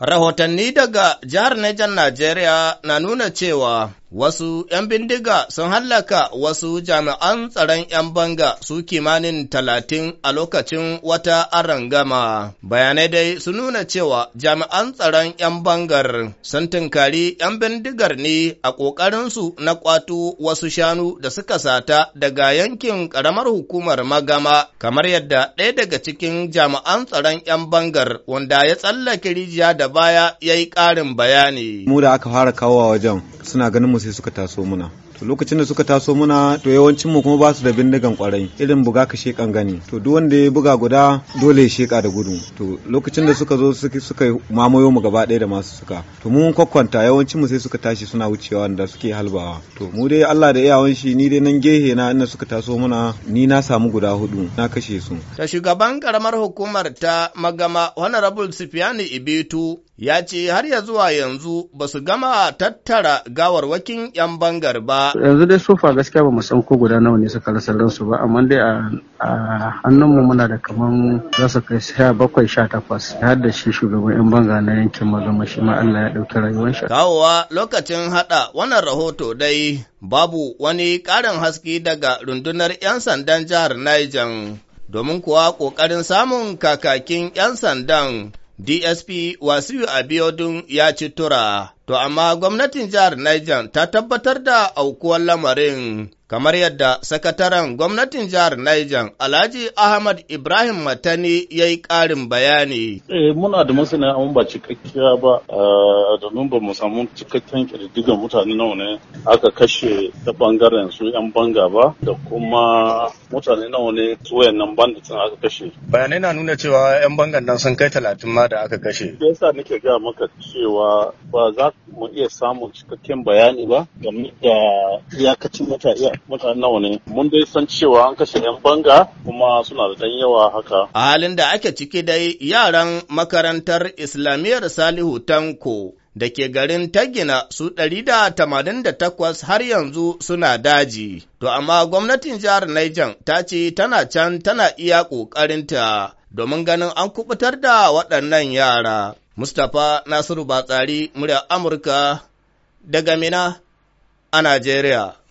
Rahotanni daga jihar Nijar Najeriya na nuna cewa Wasu ‘yan bindiga sun hallaka wasu jami'an tsaron ‘yan banga su kimanin talatin a lokacin wata gama, Bayanai dai su nuna cewa jami'an tsaron ‘yan bangar sun tunkari ‘yan bindigar ne a ƙoƙarinsu na ƙwato wasu shanu da suka sata daga yankin ƙaramar hukumar magama, kamar yadda ɗaya daga cikin jami'an tsaron ‘yan bangar wanda ya tsallake rijiya da baya ya yi ƙarin bayani. Mu da aka fara kawowa wajen suna ganin mu sai suka taso muna to lokacin da suka taso muna to yawancin mu kuma ba su da bindigan kwarai irin buga ka gani to duk wanda ya buga guda dole ya sheka da gudu to lokacin da suka zo suka mamayo mu gaba ɗaya da masu suka to mun kwakwanta yawancin mu sai suka tashi suna wucewa da suke halbawa to mu dai Allah da iyawan shi ni dai nan gehe na inda suka taso muna ni na samu guda hudu na kashe su ta shugaban karamar hukumar ta magama honorable Sufiyani Ibitu ya ce har ya zuwa yanzu ba su gama tattara gawarwakin 'yan bangar ba yanzu dai sofa gaskiya ba mu san ko guda nawa ne suka rasa ransu ba amma dai a hannunmu muna da kaman za su kai sha bakwai sha takwas har da shi shugaban yan banga na yankin mazama shi ma Allah ya ɗauki rayuwar shi. Kawowa lokacin haɗa wannan rahoto dai babu wani ƙarin haske daga rundunar 'yan sandan jihar Niger. Domin kuwa ƙoƙarin samun kakakin 'yan sandan DSP Wasiu Abiodun ya ci tura, to amma gwamnatin jihar Niger ta tabbatar da aukuwar lamarin, kamar yadda sakataren gwamnatin jihar Niger Alhaji Ahmad Ibrahim Matani ya yi ƙarin bayani. Eh, muna da masana amma ba cikakkiya ba, eh, domin ba mu samu cikakken ƙididdigar mutane nawa ne aka kashe ta ɓangaren su 'yan banga ba da kuma mutane nawa ne wayannan bandits aka kashe bayanai na nuna cewa yan bangan nan sun kai talatin ma da aka kashe yasa nake gaya maka cewa ba za mu iya samun cikakken bayani ba game da iyakacin mutane nawa ne mun dai san cewa an kashe yan banga kuma suna da dan yawa haka a halin da ake ciki dai yaran makarantar islamiyyar salihu tanko da ke garin Tagina su 188 har yanzu suna daji. To amma gwamnatin jihar Niger ta ce tana can tana iya ƙoƙarinta domin ganin an kubutar da waɗannan yara. Mustapha Nasiru Batsari, murya Amurka, daga Mina a Najeriya.